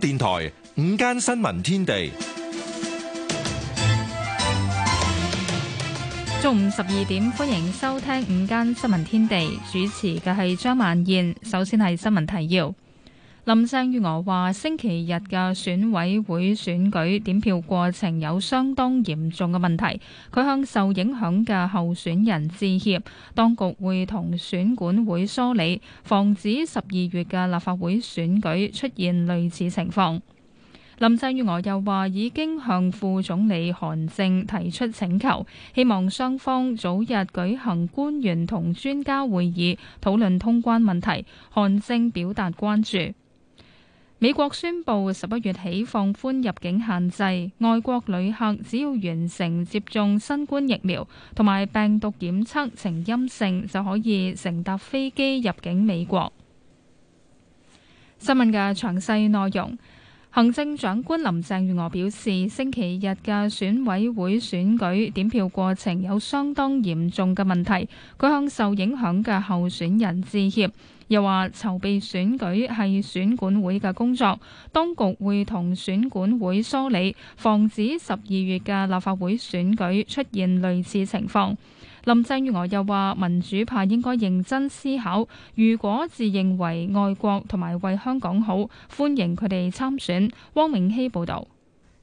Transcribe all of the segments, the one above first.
電台午間新聞天地，中午十二點歡迎收聽午間新聞天地，主持嘅係張萬燕。首先係新聞提要。林鄭月娥話：星期日嘅選委會選舉點票過程有相當嚴重嘅問題。佢向受影響嘅候選人致歉，當局會同選管會梳理，防止十二月嘅立法會選舉出現類似情況。林鄭月娥又話：已經向副總理韓正提出請求，希望雙方早日舉行官員同專家會議，討論通關問題。韓正表達關注。美國宣布十一月起放寬入境限制，外國旅客只要完成接種新冠疫苗同埋病毒檢測呈陰性，就可以乘搭飛機入境美國。新聞嘅詳細內容。行政長官林鄭月娥表示，星期日嘅選委會選舉點票過程有相當嚴重嘅問題，佢向受影響嘅候選人致歉，又話籌備選舉係選管會嘅工作，當局會同選管會梳理，防止十二月嘅立法會選舉出現類似情況。林鄭月娥又話：民主派應該認真思考，如果自認為愛國同埋為香港好，歡迎佢哋參選。汪明熙報導，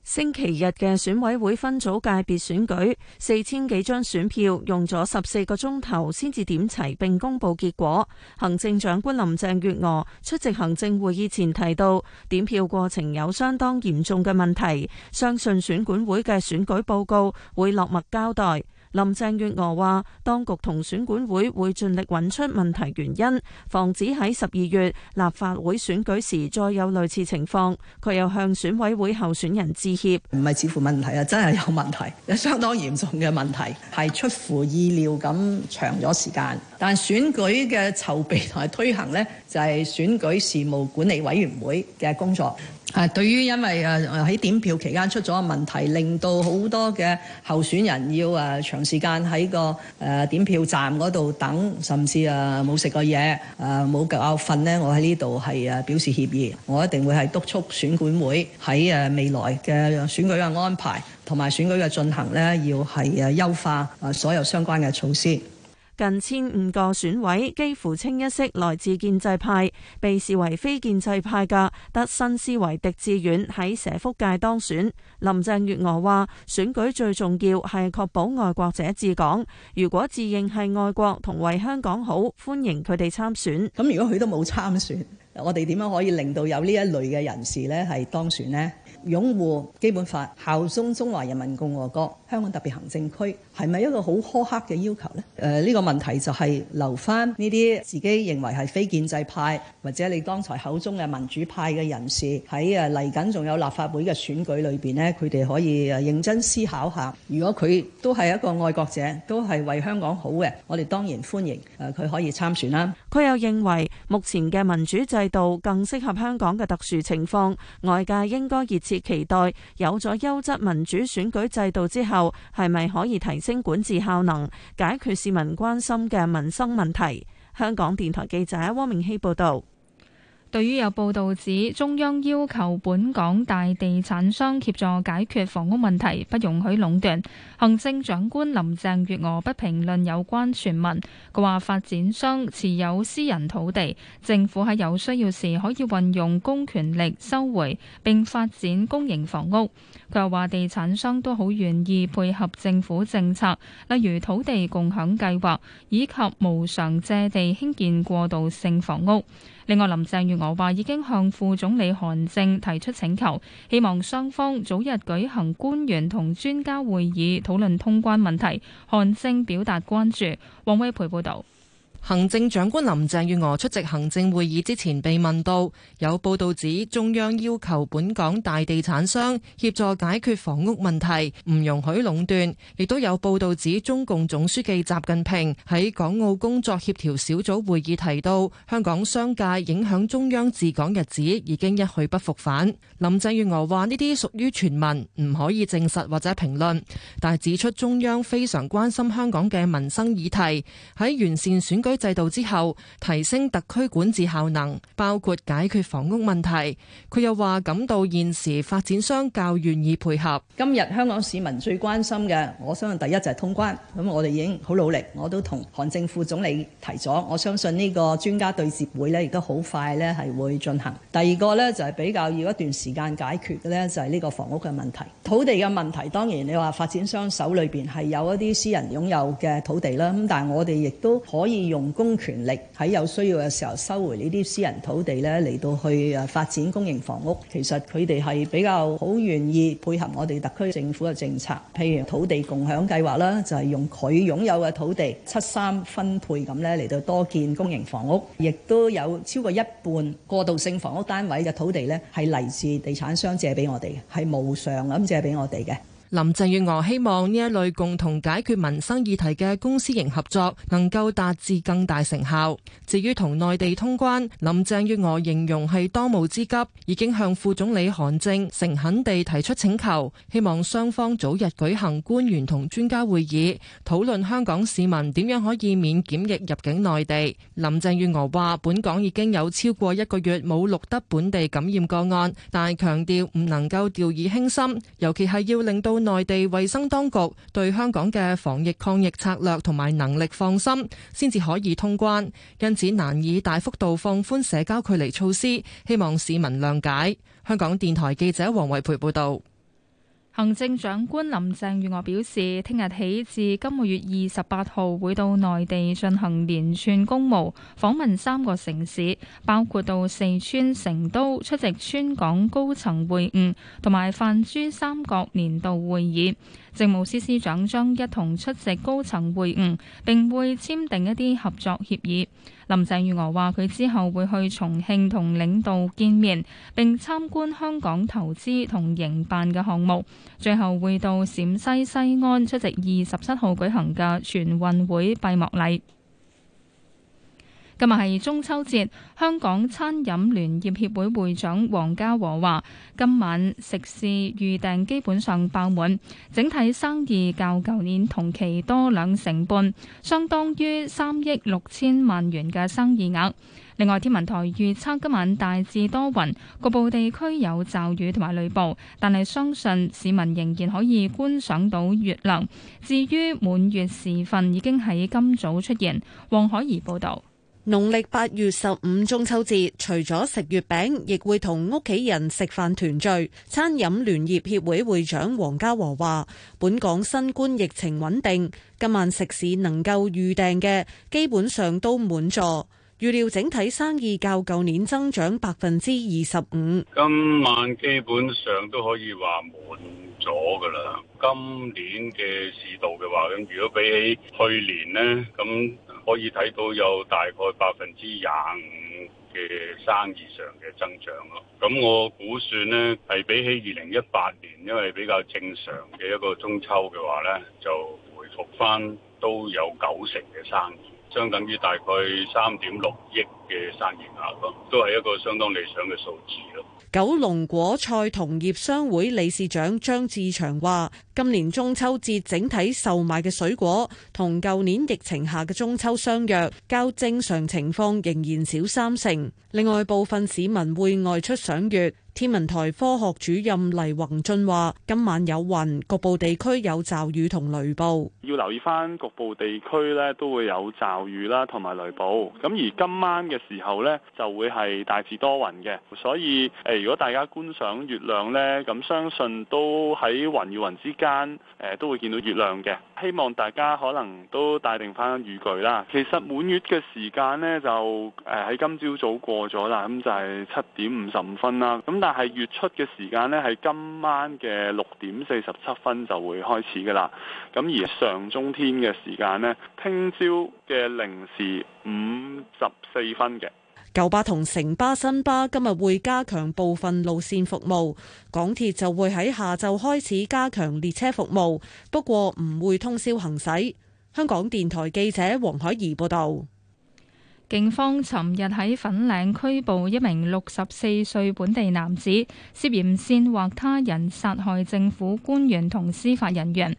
星期日嘅選委會分組界別選舉，四千幾張選票用咗十四個鐘頭先至點齊並公佈結果。行政長官林鄭月娥出席行政會議前提到，點票過程有相當嚴重嘅問題，相信選管會嘅選舉報告會落墨交代。林鄭月娥話，當局同選管會會盡力揾出問題原因，防止喺十二月立法會選舉時再有類似情況。佢又向選委會候選人致歉。唔係似乎問題啊，真係有問題，有相當嚴重嘅問題，係出乎意料咁長咗時間。但選舉嘅籌備同埋推行呢，就係選舉事務管理委員會嘅工作。啊，對於因為誒誒喺點票期間出咗問題，令到好多嘅候選人要誒、呃、長時間喺個誒、呃、點票站嗰度等，甚至啊冇食過嘢，誒冇夠瞓咧，我喺呢度係誒表示歉意。我一定會係督促選管會喺誒、呃、未來嘅選舉嘅安排同埋選舉嘅進行呢，要係誒優化、呃、所有相關嘅措施。1> 近千五個選委幾乎清一色來自建制派，被視為非建制派嘅得新思維狄志遠喺社福界當選。林鄭月娥話：選舉最重要係確保愛國者治港，如果自認係愛國同為香港好，歡迎佢哋參選。咁如果佢都冇參選，我哋點樣可以令到有呢一類嘅人士呢係當選呢？擁護基本法、效忠中華人民共和國香港特別行政區係咪一個好苛刻嘅要求咧？誒、呃、呢、呢個問題就係留翻呢啲自己認為係非建制派，或者你剛才口中嘅民主派嘅人士喺誒嚟緊仲有立法會嘅選舉裏邊咧，佢哋可以誒認真思考下，如果佢都係一個愛國者，都係為香港好嘅，我哋當然歡迎誒佢、呃、可以參選啦、啊。佢又認為目前嘅民主制度更適合香港嘅特殊情況，外界應該熱期待有咗優質民主選舉制度之後，係咪可以提升管治效能，解決市民關心嘅民生問題？香港電台記者汪明熙報道。對於有報道指中央要求本港大地產商協助解決房屋問題，不容許壟斷，行政長官林鄭月娥不評論有關傳聞。佢話發展商持有私人土地，政府喺有需要時可以運用公權力收回並發展公營房屋。佢話地產商都好願意配合政府政策，例如土地共享計劃以及無償借地興建過渡性房屋。另外，林鄭月娥話已經向副總理韓正提出請求，希望雙方早日舉行官員同專家會議討論通關問題。韓正表達關注。王威培報導。行政長官林鄭月娥出席行政會議之前被問到，有報道指中央要求本港大地產商協助解決房屋問題，唔容許壟斷，亦都有報道指中共總書記習近平喺港澳工作協調小組會議提到，香港商界影響中央治港日子已經一去不復返。林鄭月娥話呢啲屬於傳聞，唔可以證實或者評論，但係指出中央非常關心香港嘅民生議題，喺完善選舉。制度之後，提升特區管治效能，包括解決房屋問題。佢又話感到現時發展商較願意配合。今日香港市民最關心嘅，我相信第一就係通關。咁我哋已經好努力，我都同韓正副總理提咗。我相信呢個專家對接會咧，亦都好快咧係會進行。第二個咧就係比較要一段時間解決嘅咧，就係呢個房屋嘅問題、土地嘅問題。當然你話發展商手裏邊係有一啲私人擁有嘅土地啦。咁但係我哋亦都可以用。公權力喺有需要嘅時候收回呢啲私人土地咧，嚟到去發展公營房屋。其實佢哋係比較好願意配合我哋特區政府嘅政策，譬如土地共享計劃啦，就係、是、用佢擁有嘅土地七三分配咁咧，嚟到多建公營房屋。亦都有超過一半過渡性房屋單位嘅土地咧，係嚟自地產商借俾我哋嘅，係無償咁借俾我哋嘅。林鄭月娥希望呢一類共同解決民生議題嘅公私營合作能夠達至更大成效。至於同內地通關，林鄭月娥形容係當務之急，已經向副總理韓正誠懇地提出請求，希望雙方早日舉行官員同專家會議，討論香港市民點樣可以免檢疫入境內地。林鄭月娥話：本港已經有超過一個月冇錄得本地感染個案，但係強調唔能夠掉以輕心，尤其係要令到內地衞生當局對香港嘅防疫抗疫策略同埋能力放心，先至可以通關，因此難以大幅度放寬社交距離措施。希望市民諒解。香港電台記者黃惠培報道。行政長官林鄭月娥表示，聽日起至今個月二十八號會到內地進行連串公務，訪問三個城市，包括到四川成都出席川港高層會晤，同埋泛珠三角年度會議。政務司司長將一同出席高層會晤，並會簽訂一啲合作協議。林鄭月娥話：佢之後會去重慶同領導見面，並參觀香港投資同營辦嘅項目，最後會到陝西西安出席二十七號舉行嘅全運會閉幕禮。今日係中秋節，香港餐飲聯業協會會長黃家和話：今晚食肆預訂基本上爆滿，整體生意較舊年同期多兩成半，相當於三億六千萬元嘅生意額。另外，天文台預測今晚大致多雲，局部地區有驟雨同埋雷暴，但係相信市民仍然可以觀賞到月亮。至於滿月時分已經喺今早出現。黃海怡報導。農曆八月十五中秋節，除咗食月餅，亦會同屋企人食飯團聚。餐飲聯業協會會長黃家和話，本港新冠疫情穩定，今晚食肆能夠預訂嘅，基本上都滿座。預料整體生意較舊年增長百分之二十五。今晚基本上都可以話滿咗㗎啦。今年嘅市道嘅話，咁如果比起去年咧，咁可以睇到有大概百分之廿五嘅生意上嘅增長咯。咁我估算呢，係比起二零一八年，因為比較正常嘅一個中秋嘅話呢，就回復翻都有九成嘅生意。相等於大概三點六億嘅生意額咯，都係一個相當理想嘅數字咯。九龍果菜同業商會理事長張志祥話，今年中秋節整體售賣嘅水果同舊年疫情下嘅中秋相若，較正常情況仍然少三成。另外，部分市民會外出賞月。天文台科學主任黎宏俊話，今晚有雲，局部地區有驟雨同雷暴，要留意翻局部地區咧，都會有驟雨啦，同埋雷暴。咁而今晚嘅時候咧，就會係大致多雲嘅，所以誒，如果大家觀賞月亮咧，咁相信都喺雲與雲之間，誒，都會見到月亮嘅。希望大家可能都帶定返雨具啦。其實滿月嘅時間呢，就誒喺今朝早過咗啦，咁就係七點五十五分啦。咁但係月出嘅時間呢，係今晚嘅六點四十七分就會開始㗎喇。咁而上中天嘅時間呢，聽朝嘅零時五十四分嘅。九巴同城巴、新巴今日會加強部分路綫服務，港鐵就會喺下晝開始加強列車服務，不過唔會通宵行駛。香港電台記者黃海怡報道，警方尋日喺粉嶺拘捕一名六十四歲本地男子，涉嫌煽惑他人殺害政府官員同司法人員。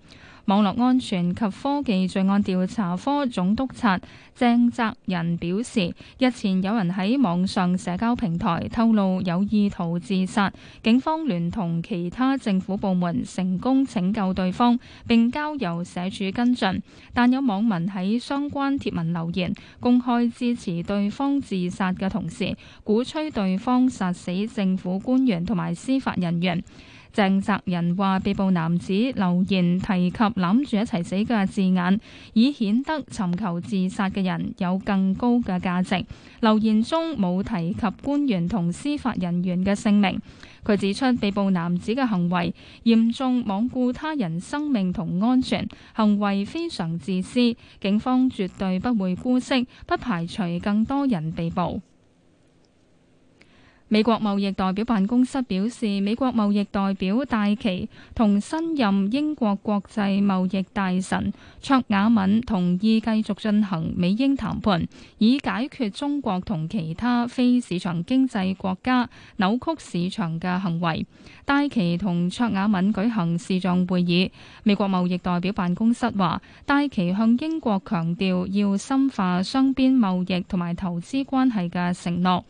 網絡安全及科技罪案調查科總督察鄭澤仁表示，日前有人喺網上社交平台透露有意圖自殺，警方聯同其他政府部門成功拯救對方，並交由社署跟進。但有網民喺相關貼文留言，公開支持對方自殺嘅同時，鼓吹對方殺死政府官員同埋司法人員。鄭澤仁話被捕男子留言提及攬住一齊死嘅字眼，以顯得尋求自殺嘅人有更高嘅價值。留言中冇提及官員同司法人員嘅姓名。佢指出被捕男子嘅行為嚴重罔顧他人生命同安全，行為非常自私。警方絕對不會姑息，不排除更多人被捕。美國貿易代表辦公室表示，美國貿易代表戴琪同新任英國國際貿易大臣卓雅敏同意繼續進行美英談判，以解決中國同其他非市場經濟國家扭曲市場嘅行為。戴琪同卓雅敏舉行視像會議。美國貿易代表辦公室話，戴琪向英國強調要深化雙邊貿易同埋投資關係嘅承諾。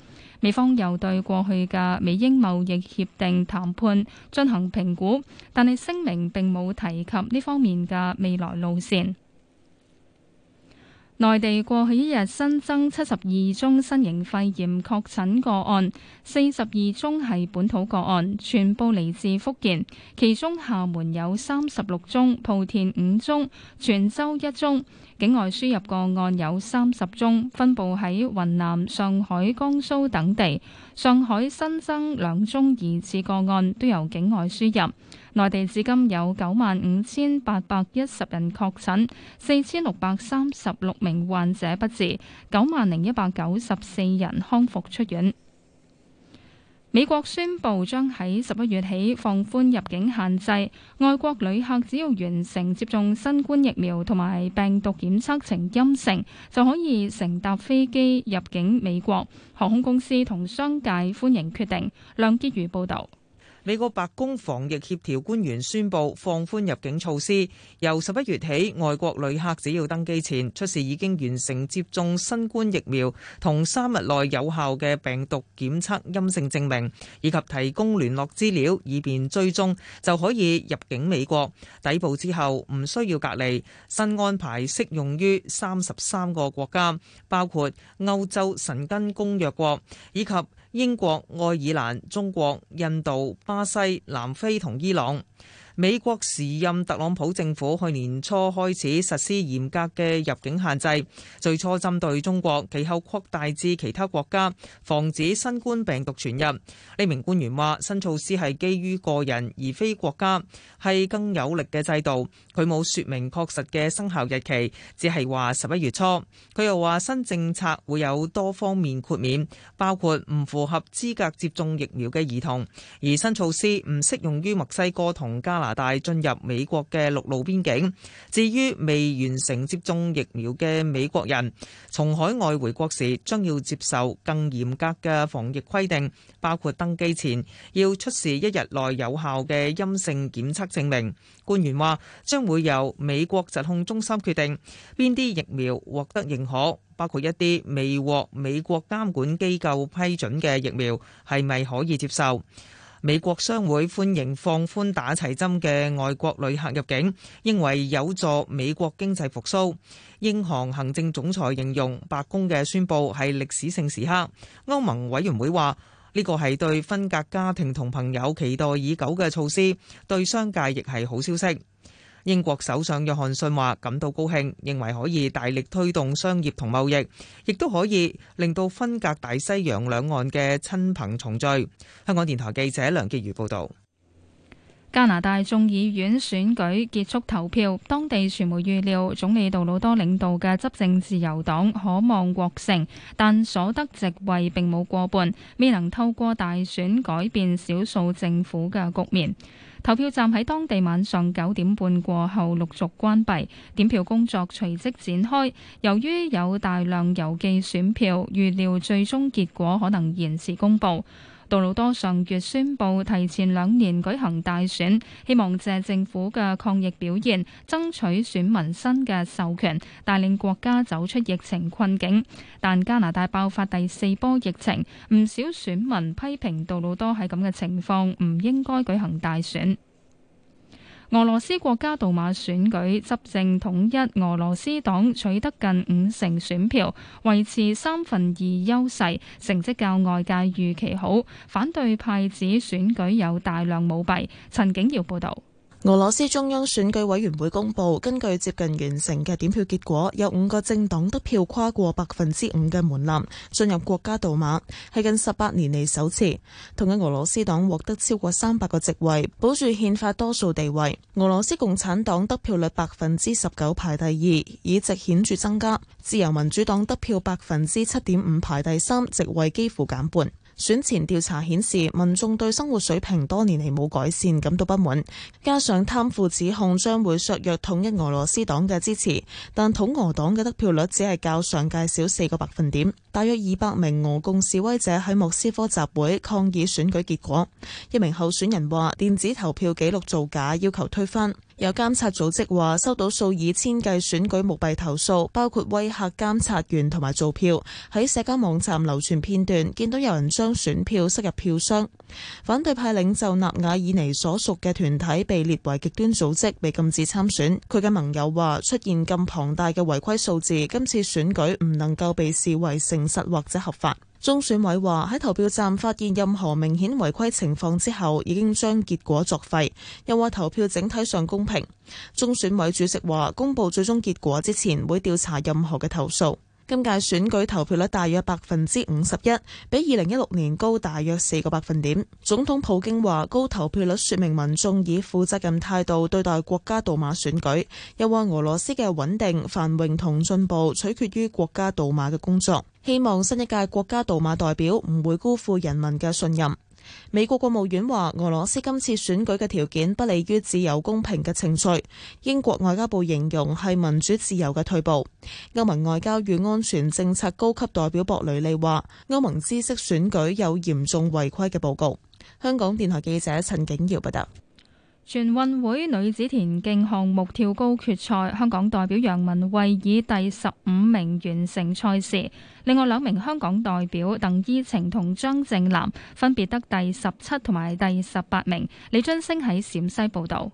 美方又對過去嘅美英貿易協定談判進行評估，但係聲明並冇提及呢方面嘅未來路線。內地過去一日新增七十二宗新型肺炎確診個案，四十二宗係本土個案，全部嚟自福建，其中廈門有三十六宗，莆田五宗，泉州一宗。境外輸入個案有三十宗，分布喺雲南、上海、江蘇等地。上海新增兩宗疑似個案，都由境外輸入。內地至今有九萬五千八百一十人確診，四千六百三十六名患者不治，九萬零一百九十四人康復出院。美國宣布將喺十一月起放寬入境限制，外國旅客只要完成接種新冠疫苗同埋病毒檢測呈陰性，就可以乘搭飛機入境美國。航空公司同商界歡迎決定。梁潔如報導。美國白宮防疫協調官員宣布放寬入境措施，由十一月起，外國旅客只要登機前出示已經完成接種新冠疫苗同三日內有效嘅病毒檢測陰性證明，以及提供聯絡資料以便追蹤，就可以入境美國，抵埗之後唔需要隔離。新安排適用於三十三個國家，包括歐洲申根公約國以及英國、愛爾蘭、中國、印度、巴西、南非同伊朗。美國時任特朗普政府去年初開始實施嚴格嘅入境限制，最初針對中國，其後擴大至其他國家，防止新冠病毒傳入。呢名官員話新措施係基於個人，而非國家，係更有力嘅制度。佢冇說明確實嘅生效日期，只係話十一月初。佢又話新政策會有多方面豁免，包括唔符合資格接種疫苗嘅兒童，而新措施唔適用於墨西哥同加。加拿大進入美國嘅陸路邊境。至於未完成接種疫苗嘅美國人，從海外回國時將要接受更嚴格嘅防疫規定，包括登機前要出示一日內有效嘅陰性檢測證明。官員話將會由美國疾控中心決定邊啲疫苗獲得認可，包括一啲未獲美國監管機構批准嘅疫苗係咪可以接受。美國商會歡迎放寬打齊針嘅外國旅客入境，認為有助美國經濟復甦。英航行政總裁形容白宮嘅宣佈係歷史性時刻。歐盟委員會話呢個係對分隔家庭同朋友期待已久嘅措施，對商界亦係好消息。英國首相約翰遜話感到高興，認為可以大力推動商業同貿易，亦都可以令到分隔大西洋兩岸嘅親朋重聚。香港電台記者梁潔如報導。加拿大眾議院選舉結束投票，當地傳媒預料總理杜魯多領導嘅執政自由黨可望獲勝，但所得席位並冇過半，未能透過大選改變少數政府嘅局面。投票站喺當地晚上九點半過後陸續關閉，點票工作隨即展開。由於有大量郵寄選票，預料最終結果可能延遲公佈。杜魯多上月宣布提前兩年舉行大選，希望借政府嘅抗疫表現，爭取選民新嘅授權，帶領國家走出疫情困境。但加拿大爆發第四波疫情，唔少選民批評杜魯多喺咁嘅情況，唔應該舉行大選。俄羅斯國家杜馬選舉，執政統一俄羅斯黨取得近五成選票，維持三分二優勢，成績較外界預期好。反對派指選舉有大量舞弊。陳景堯報道。俄羅斯中央選舉委員會公布，根據接近完成嘅點票結果，有五個政黨得票跨過百分之五嘅門檻，進入國家杜馬，係近十八年嚟首次。統一俄羅斯黨獲得超過三百個席位，保住憲法多數地位。俄羅斯共產黨得票率百分之十九排第二，議席顯著增加。自由民主黨得票百分之七點五排第三，席位幾乎減半。選前調查顯示，民眾對生活水平多年嚟冇改善感到不滿，加上貪腐指控將會削弱統一俄羅斯黨嘅支持，但統俄黨嘅得票率只係較上屆少四個百分點。大約二百名俄共示威者喺莫斯科集會抗議選舉結果，一名候選人話，電子投票記錄造假，要求推翻。有監察組織話收到數以千計選舉舞弊投訴，包括威嚇監察員同埋造票。喺社交網站流傳片段，見到有人將選票塞入票箱。反對派領袖納瓦爾尼所屬嘅團體被列為極端組織，被禁止參選。佢嘅盟友話出現咁龐大嘅違規數字，今次選舉唔能夠被視為誠實或者合法。中選委話喺投票站發現任何明顯違規情況之後，已經將結果作廢。又話投票整體上公平。中選委主席話，公布最終結果之前，會調查任何嘅投訴。今屆選舉投票率大約百分之五十一，比二零一六年高大約四個百分點。總統普京話：高投票率說明民眾以負責任態度對待國家杜馬選舉，又話俄羅斯嘅穩定繁榮同進步取決於國家杜馬嘅工作，希望新一屆國家杜馬代表唔會辜負人民嘅信任。美國國務院話俄羅斯今次選舉嘅條件不利於自由公平嘅程序。英國外交部形容係民主自由嘅退步。歐盟外交與安全政策高級代表博雷利話，歐盟知識選舉有嚴重違規嘅報告。香港電台記者陳景瑤報道。全運會女子田徑項目跳高決賽，香港代表楊文慧以第十五名完成賽事。另外兩名香港代表鄧依晴同張正南分別得第十七同埋第十八名。李津星喺陝西報道。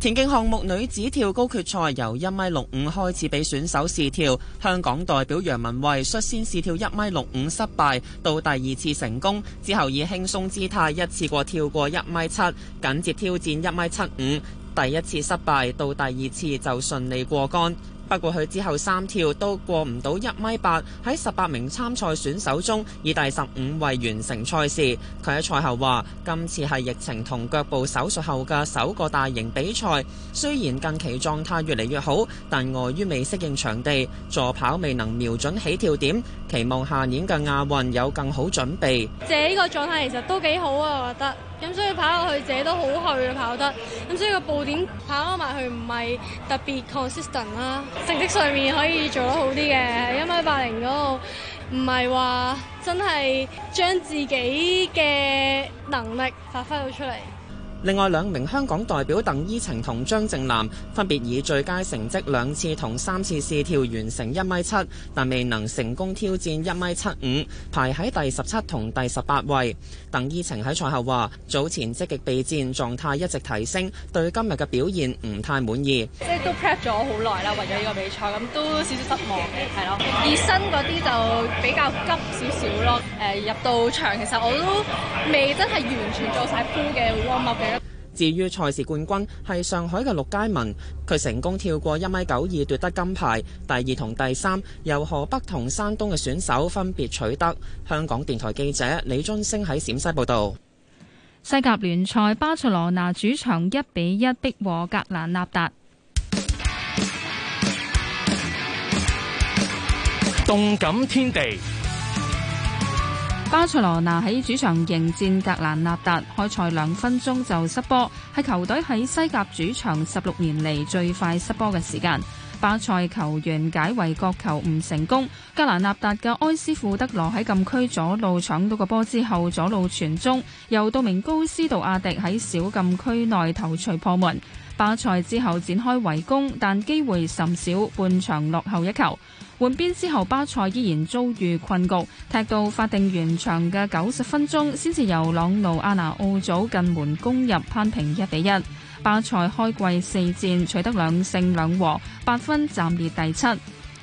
田徑項目女子跳高決賽由一米六五開始俾選手試跳，香港代表楊文慧率先試跳一米六五失敗，到第二次成功之後以輕鬆姿態一次過跳過一米七，緊接挑戰一米七五，第一次失敗，到第二次就順利過杆。不過佢之後三跳都過唔到一米八，喺十八名參賽選手中以第十五位完成賽事。佢喺賽後話：今次係疫情同腳部手術後嘅首個大型比賽，雖然近期狀態越嚟越好，但礙於未適應場地，助跑未能瞄準起跳點。期望下年嘅亞運有更好準備。呢個狀態其實都幾好啊，我覺得。咁所以跑落去，自己都好去啊跑得。咁所以個步點跑埋去唔係特別 consistent 啦、啊。成績上面可以做得好啲嘅，一米八零嗰度，唔係話真係將自己嘅能力發揮到出嚟。另外兩名香港代表鄧依晴同張正南分別以最佳成績兩次同三次試跳完成一米七，但未能成功挑戰一米七五，排喺第十七同第十八位。鄧依晴喺賽後話早前積極備戰狀態一直提升，對今日嘅表現唔太滿意。即係都 prep 咗好耐啦，為咗呢個比賽咁都少少失望，係咯。熱身嗰啲就比較急少少咯。誒、呃、入到場其實我都未真係完全做曬 full 嘅 warm up 嘅。至於賽事冠軍係上海嘅陸佳文，佢成功跳過一米九二奪得金牌。第二同第三由河北同山東嘅選手分別取得。香港電台記者李津升喺陝西報道。西甲聯賽巴塞羅那主場一比一逼和格蘭納達。動感天地。巴塞羅那喺主場迎戰格蘭納達，開賽兩分鐘就失波，係球隊喺西甲主場十六年嚟最快失波嘅時間。巴塞球員解圍角球唔成功，格蘭納達嘅埃斯庫德羅喺禁區左路搶到個波之後左路傳中，由杜明高斯杜亞迪喺小禁區內頭槌破門。巴塞之後展開圍攻，但機會甚少，半場落後一球。換邊之後，巴塞依然遭遇困局，踢到法定完場嘅九十分鐘，先至由朗奴阿拿奧祖近門攻入，扳平一比一。巴塞開季四戰取得兩勝兩和，八分暫列第七。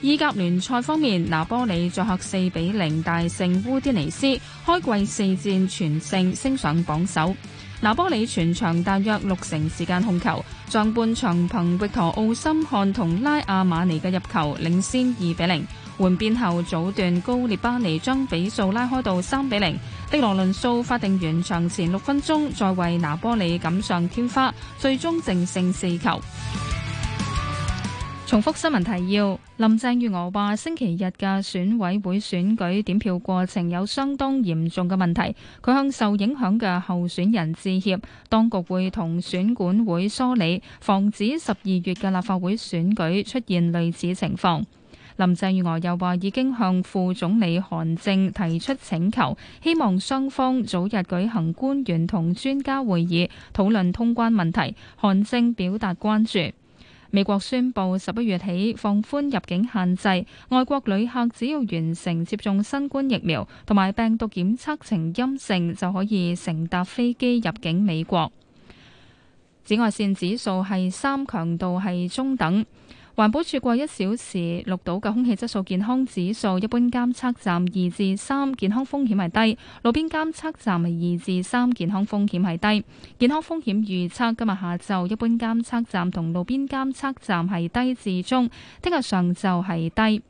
意甲聯賽方面，拿波里作客四比零大勝烏迪尼斯，開季四戰全勝，升上榜首。拿波里全場大約六成時間控球，上半場憑域陀奧森漢同拉阿馬尼嘅入球領先二比零，換邊後早段高列巴尼將比數拉開到三比零，迪羅倫素法定完場前六分鐘再為拿波里錦上添花，最終淨勝四球。重複新聞提要。林鄭月娥話：星期日嘅選委會選舉點票過程有相當嚴重嘅問題。佢向受影響嘅候選人致歉，當局會同選管會梳理，防止十二月嘅立法會選舉出現類似情況。林鄭月娥又話已經向副總理韓正提出請求，希望雙方早日舉行官員同專家會議討論通關問題。韓正表達關注。美國宣布十一月起放寬入境限制，外國旅客只要完成接種新冠疫苗同埋病毒檢測呈陰性，就可以乘搭飛機入境美國。紫外線指數係三，強度係中等。環保署過一小時綠島嘅空氣質素健康指數，一般監測站二至三，健康風險係低；路邊監測站係二至三，健康風險係低。健康風險預測今日下晝一般監測站同路邊監測站係低至中，聽日上晝係低。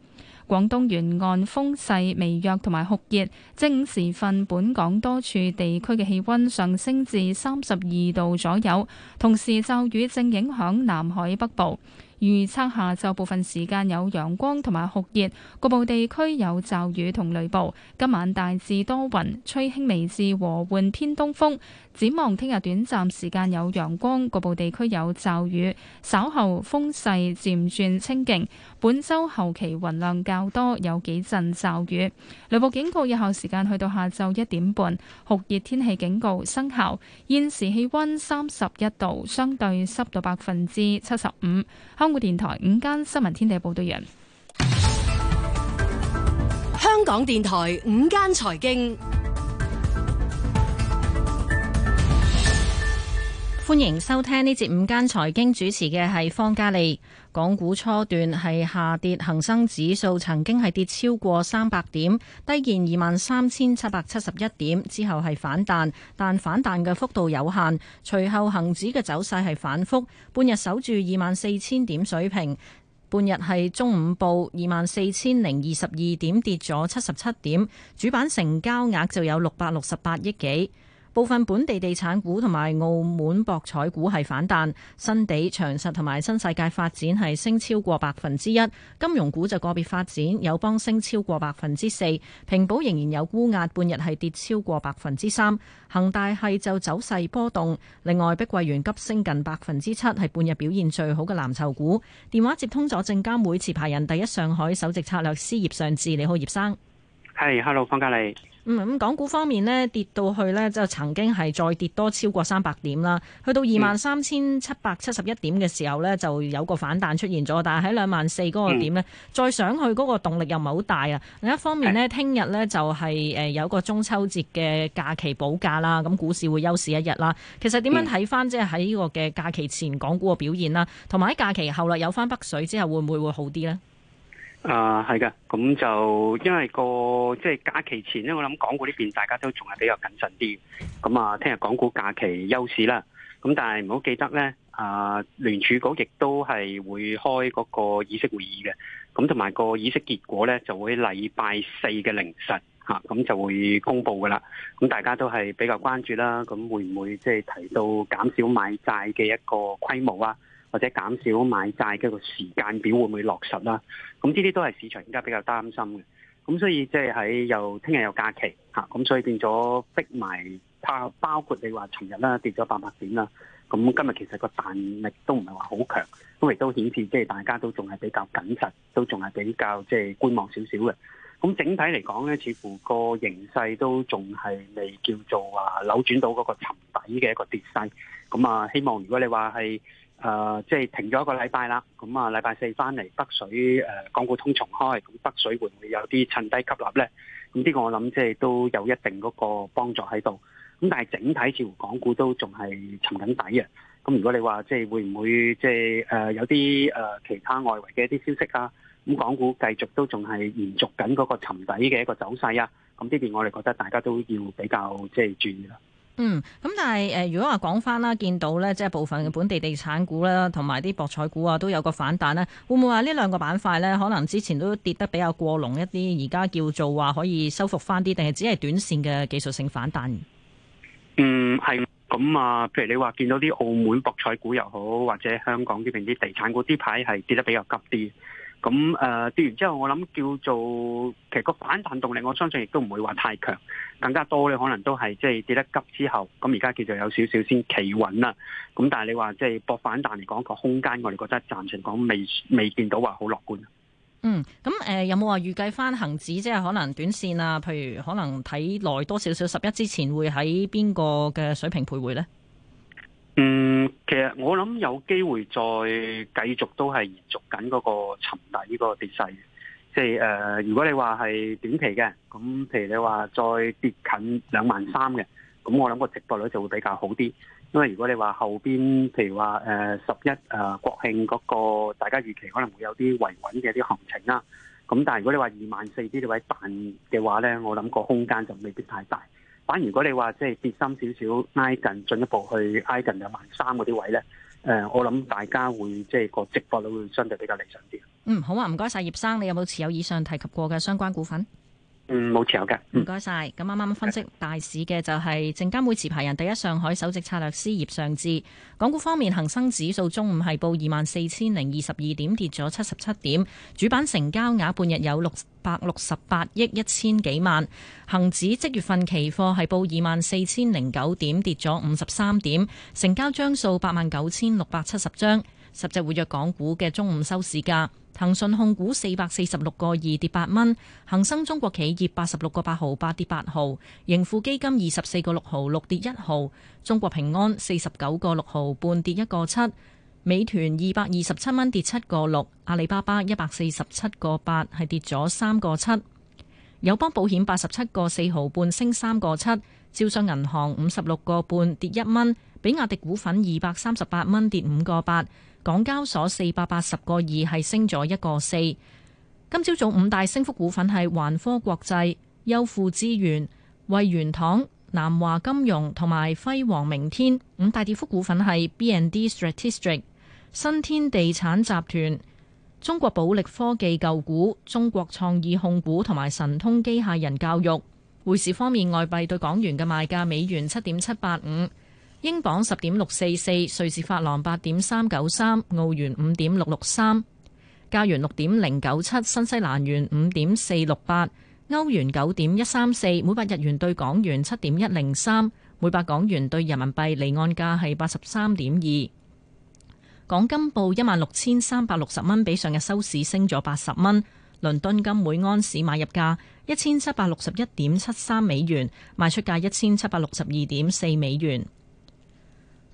廣東沿岸風勢微弱同埋酷熱，正午時分本港多處地區嘅氣温上升至三十二度左右，同時驟雨正影響南海北部。預測下晝部分時間有陽光同埋酷熱，局部地區有驟雨同雷暴。今晚大致多雲，吹輕微至和緩偏東風。展望聽日短暫時間有陽光，局部地區有驟雨。稍後風勢漸轉清勁。本周後期雲量較多，有幾陣驟雨。雷暴警告有效時間去到下晝一點半。酷熱天氣警告生效。現時氣温三十一度，相對濕度百分之七十五。香港電台午間新聞天地報導人，香港電台午間財經。歡迎收聽呢節午間財經，主持嘅係方嘉利。港股初段係下跌，恒生指數曾經係跌超過三百點，低見二萬三千七百七十一點，之後係反彈，但反彈嘅幅度有限。隨後恒指嘅走勢係反復，半日守住二萬四千點水平，半日係中午報二萬四千零二十二點，跌咗七十七點，主板成交額就有六百六十八億幾。部分本地地產股同埋澳門博彩股係反彈，新地、長實同埋新世界發展係升超過百分之一。金融股就個別發展，友邦升超過百分之四，平保仍然有沽壓，半日係跌超過百分之三。恒大係就走勢波動。另外，碧桂園急升近百分之七，係半日表現最好嘅藍籌股。電話接通咗證監會持牌人第一上海首席策略師葉尚志，你好，葉生。係，hey，Hello，方嘉莉。嗯，咁港股方面呢，跌到去呢，就曾經係再跌多超過三百點啦，去到二萬三千七百七十一點嘅時候呢，就有個反彈出現咗，但係喺兩萬四嗰個點呢，嗯、再上去嗰個動力又唔係好大啊。另一方面呢，聽日呢，就係誒有個中秋節嘅假期補假啦，咁股市會休市一日啦。其實點樣睇翻即係喺呢個嘅假期前港股嘅表現啦，同埋喺假期後啦，有翻北水之後會唔會會好啲呢？啊，係嘅、uh,，咁就因為個即係、就是、假期前咧，我諗港股呢邊大家都仲係比較謹慎啲。咁啊，聽日港股假期休市啦。咁但係唔好記得咧，啊，聯儲局亦都係會開嗰個議息會議嘅。咁同埋個議息結果咧，就會喺禮拜四嘅凌晨吓，咁就會公布噶啦。咁大家都係比較關注啦。咁會唔會即係提到減少買債嘅一個規模啊？或者減少買債嘅個時間表會唔會落實啦？咁呢啲都係市場而家比較擔心嘅。咁所以即係喺又聽日有假期嚇，咁所以變咗逼埋包包括你話尋日啦跌咗八百點啦，咁今日其實個彈力都唔係話好強，咁亦都顯示即係大家都仲係比較謹慎，都仲係比較即係觀望少少嘅。咁整體嚟講咧，似乎個形勢都仲係未叫做話扭轉到嗰個沉底嘅一個跌勢。咁啊，希望如果你話係。誒，即係、呃就是，停咗一個禮拜啦，咁、嗯、啊，禮拜四翻嚟北水誒、呃，港股通重開，咁北水會唔會有啲趁低吸納咧？咁呢個我諗即係都有一定嗰個幫助喺度，咁但係整體似乎港股都仲係沉緊底嘅、啊。咁如果你話即係會唔會即係誒有啲誒其他外圍嘅一啲消息啊，咁港股繼續都仲係延續緊嗰個沉底嘅一個走勢啊？咁呢邊我哋覺得大家都要比較即係、就是、注意啦。嗯，咁但係誒，如果話講翻啦，見到咧，即係部分嘅本地地產股啦，同埋啲博彩股啊，都有個反彈咧。會唔會話呢兩個板塊咧，可能之前都跌得比較過龍一啲，而家叫做話可以收復翻啲，定係只係短線嘅技術性反彈？嗯，係咁啊。譬如你話見到啲澳門博彩股又好，或者香港呢邊啲地產股，呢排係跌得比較急啲。咁誒跌完之後，我諗叫做其實個反彈動力，我相信亦都唔會話太強，更加多咧可能都係即係跌得急之後，咁而家叫做有少少先企穩啦。咁但係你話即係博反彈嚟講個空間，我哋覺得暫時講未未見到話好樂觀。嗯，咁、嗯、誒、嗯、有冇話預計翻恒指即係可能短線啊，譬如可能睇耐多少少十一之前會喺邊個嘅水平徘徊咧？嗯，其實我諗有機會再繼續都係延續緊嗰個沉底呢個跌勢即係誒，如果你話係短期嘅，咁譬如你話再跌近兩萬三嘅，咁我諗個值博率就會比較好啲。因為如果你話後邊，譬如話誒十一誒國慶嗰個，大家預期可能會有啲維穩嘅啲行情啦。咁但係如果你, 24, 000, 你話二萬四啲，你位彈嘅話咧，我諗個空間就未必太大。反而如果你話即係跌深少少，挨近進一步去挨近兩萬三嗰啲位咧，誒、呃，我諗大家會即係個值博率會相對比較理想啲。嗯，好啊，唔該晒葉生，你有冇持有以上提及過嘅相關股份？嗯，冇持有㗎。唔該晒。咁啱啱分析大市嘅就係證監會持牌人第一上海首席策略師葉尚志。港股方面，恒生指數中午係報二萬四千零二十二點，跌咗七十七點。主板成交額半日有六百六十八億一千幾萬。恒指即月份期貨係報二萬四千零九點，跌咗五十三點。成交張數八萬九千六百七十張。十隻活躍港股嘅中午收市價：騰訊控股四百四十六個二跌八蚊，恒生中國企業八十六個八毫八跌八毫，盈富基金二十四個六毫六跌一毫，中國平安四十九個六毫半跌一個七，美團二百二十七蚊跌七個六，阿里巴巴一百四十七個八係跌咗三個七，友邦保險八十七個四毫半升三個七，招商銀行五十六個半跌一蚊，比亞迪股份二百三十八蚊跌五個八。港交所四百八十個二係升咗一個四。今朝早，早五大升幅股份係環科國際、優富資源、惠源堂、南華金融同埋輝煌明天。五大跌幅股份係 BND Strategic、D 新天地產集團、中國寶力科技舊股、中國創意控股同埋神通機械人教育。匯市方面，外幣對港元嘅賣價美元七點七八五。英鎊十點六四四，瑞士法郎八點三九三，澳元五點六六三，加元六點零九七，新西蘭元五點四六八，歐元九點一三四，每百日元對港元七點一零三，每百港元對人民幣離岸價係八十三點二。港金報一萬六千三百六十蚊，比上日收市升咗八十蚊。倫敦金每安士買入價一千七百六十一點七三美元，賣出價一千七百六十二點四美元。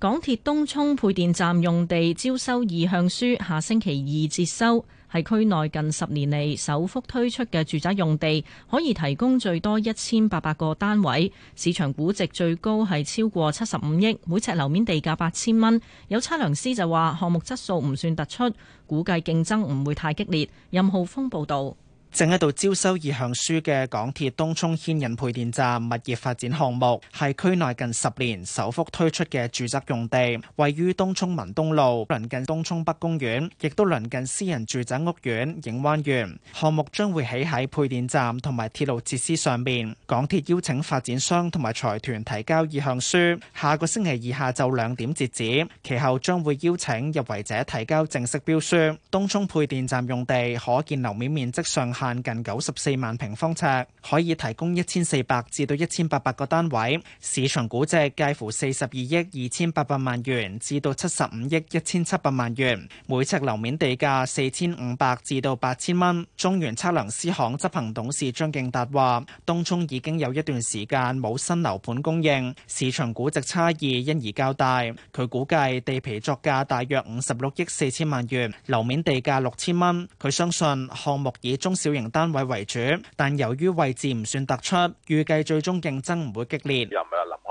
港鐵東涌配電站用地招收意向書下星期二截收，係區內近十年嚟，首幅推出嘅住宅用地，可以提供最多一千八百個單位，市場估值最高係超過七十五億，每尺樓面地價八千蚊。有測量師就話項目質素唔算突出，估計競爭唔會太激烈。任浩峰報道。正喺度招收意向書嘅港鐵東涌牽引配電站物業發展項目，係區內近十年首幅推出嘅住宅用地，位於東涌民東路，鄰近東涌北公園，亦都鄰近私人住宅屋苑影灣園。項目將會起喺配電站同埋鐵路設施上面。港鐵邀請發展商同埋財團提交意向書，下個星期二下晝兩點截止，其後將會邀請入圍者提交正式標書。東涌配電站用地可建樓面面積上限，佔地近九十四萬平方尺，可以提供一千四百至到一千八百個單位，市場估值介乎四十二億二千八百萬元至到七十五億一千七百萬元，每尺樓面地價四千五百至到八千蚊。中原測量師行執行董事張敬達話，東涌已經有一段時間冇新樓盤供應，市場估值差異因而較大。佢估計地皮作價大約五十六億四千萬元，樓面地價六千蚊。佢相信項目以中小。型單位為主，但由於位置唔算突出，預計最終競爭唔會激烈。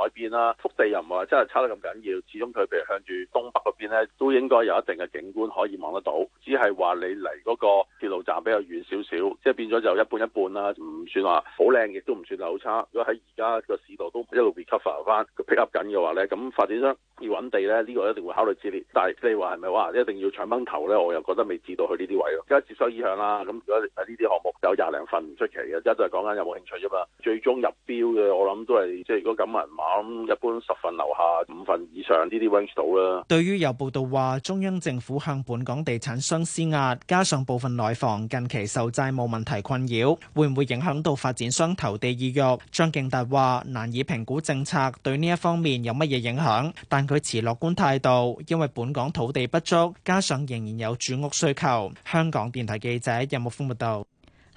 改邊啦，幅、啊、地又唔係話真係差得咁緊要，始終佢譬如向住東北嗰邊咧，都應該有一定嘅景觀可以望得到，只係話你嚟嗰個鐵路站比較遠少少，即係變咗就一半一半啦、啊，唔算話好靚亦都唔算係好差。如果喺而家個市道都一路 recover 翻，佢 pick up 緊嘅話咧，咁發展商要揾地咧，呢、這個一定會考慮之列。但係你話係咪話一定要搶掹頭咧？我又覺得未至到去呢啲位咯。而家接收意向啦，咁如果呢啲項目有廿零份唔出奇嘅，一就係講緊有冇興趣啫嘛。最終入標嘅我諗都係即係如果咁話。咁一般十份樓下五份以上呢啲 range 到啦。對於有報道話中央政府向本港地產商施壓，加上部分內房近期受債務問題困擾，會唔會影響到發展商投地意欲？張敬達話：難以評估政策對呢一方面有乜嘢影響，但佢持樂觀態度，因為本港土地不足，加上仍然有住屋需求。香港電台記者任木鳳報道。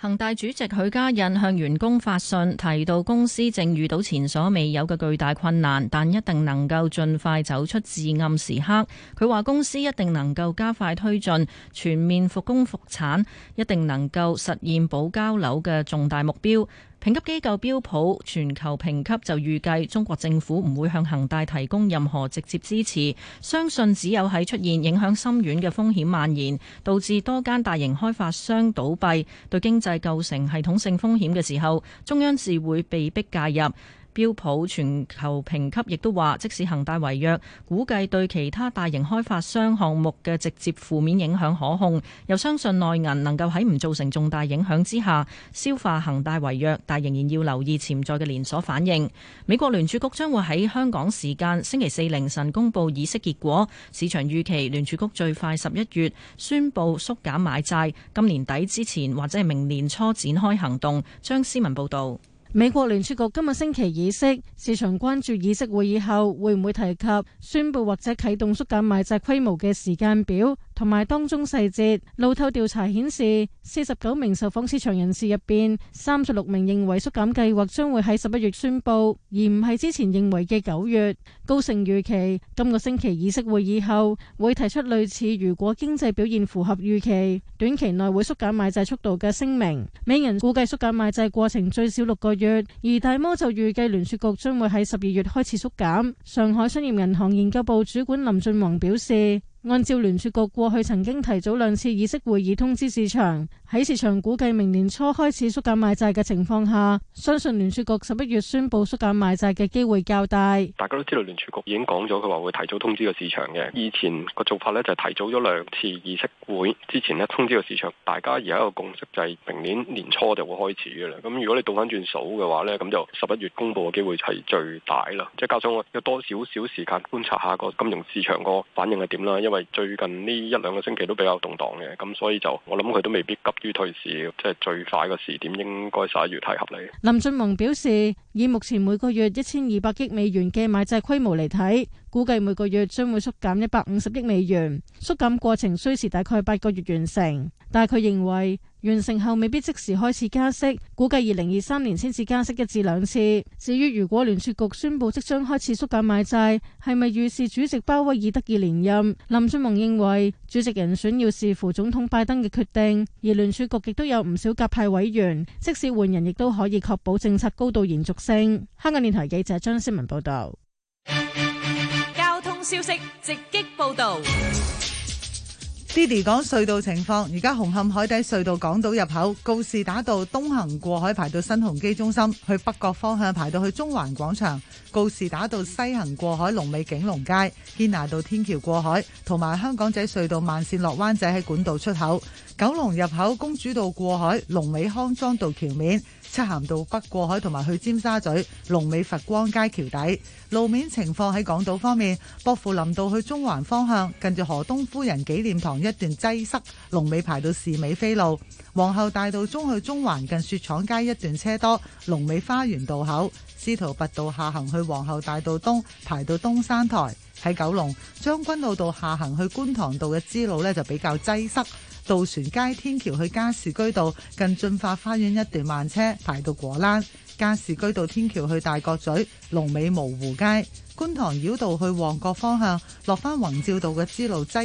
恒大主席許家印向員工發信，提到公司正遇到前所未有嘅巨大困難，但一定能夠盡快走出至暗時刻。佢話公司一定能夠加快推進全面復工復產，一定能夠實現保交樓嘅重大目標。評級機構標普全球評級就預計，中國政府唔會向恒大提供任何直接支持，相信只有喺出現影響深遠嘅風險蔓延，導致多間大型開發商倒閉，對經濟構成系統性風險嘅時候，中央至會被迫介入。標普全球評級亦都話，即使恒大違約，估計對其他大型開發商項目嘅直接負面影響可控，又相信內銀能夠喺唔造成重大影響之下消化恒大違約，但仍然要留意潛在嘅連鎖反應。美國聯儲局將會喺香港時間星期四凌晨公布議息結果，市場預期聯儲局最快十一月宣布縮減買債，今年底之前或者係明年初展開行動。張思文報道。美國聯儲局今個星期議息，市場關注議息會議後會唔會提及宣布或者啟動縮減買債規模嘅時間表。同埋當中細節，路透調查顯示，四十九名受訪市場人士入邊，三十六名認為縮減計劃將會喺十一月宣布，而唔係之前認為嘅九月。高盛預期今個星期議息會議後，會提出類似如果經濟表現符合預期，短期內會縮減買債速度嘅聲明。美銀估計縮減買債過程最少六個月，而大摩就預計聯儲局將會喺十二月開始縮減。上海商業銀行研究部主管林俊宏表示。按照聯儲局過去曾經提早兩次議息會議通知市場，喺市場估計明年初開始縮減買債嘅情況下，相信聯儲局十一月宣布縮減買債嘅機會較大。大家都知道聯儲局已經講咗，佢話會提早通知個市場嘅。以前個做法呢，就係提早咗兩次議息會之前咧通知個市場，大家而家個共識就係明年年初就會開始噶啦。咁如果你倒翻轉數嘅話呢，咁就十一月公布嘅機會係最大啦。即係加上我有多少少時間觀察下個金融市場個反應係點啦，因最近呢一兩個星期都比較動盪嘅，咁所以就我諗佢都未必急於退市，即係最快個時點應該十一月係合理。林俊雄表示，以目前每個月一千二百億美元嘅買債規模嚟睇，估計每個月將會縮減一百五十億美元，縮減過程需時大概八個月完成，但係佢認為，完成後未必即時開始加息，估計二零二三年先至加息一至兩次。至於如果聯儲局宣布即將開始縮減買債，係咪預示主席鮑威爾得以連任？林俊蒙認為主席人選要視乎總統拜登嘅決定，而聯儲局亦都有唔少鴿派委員，即使換人亦都可以確保政策高度延續性。香港電台記者張思文報道。交通消息直擊報道。睇睇講隧道情況，而家紅磡海底隧道港島入口告士打道東行過海排到新鴻基中心，去北角方向排到去中環廣場；告士打道西行過海龍尾景隆街堅拿道天橋過海，同埋香港仔隧道慢線落灣仔喺管道出口；九龍入口公主道過海龍尾康莊道橋面。漆咸道北過海同埋去尖沙咀、龍尾佛光街橋底路面情況。喺港島方面，薄扶林道去中環方向近住河東夫人紀念堂一段擠塞，龍尾排到士美菲路；皇后大道中去中環近雪廠街一段車多，龍尾花園道口；司徒拔道下行去皇后大道東排到東山台。喺九龍將軍澳道下行去觀塘道嘅支路呢，就比較擠塞。渡船街天橋去加士居道近駿發花園一段慢車排到果欄，加士居道天橋去大角咀龍尾蕪湖街，觀塘繞道去旺角方向落翻宏照道嘅支路擠。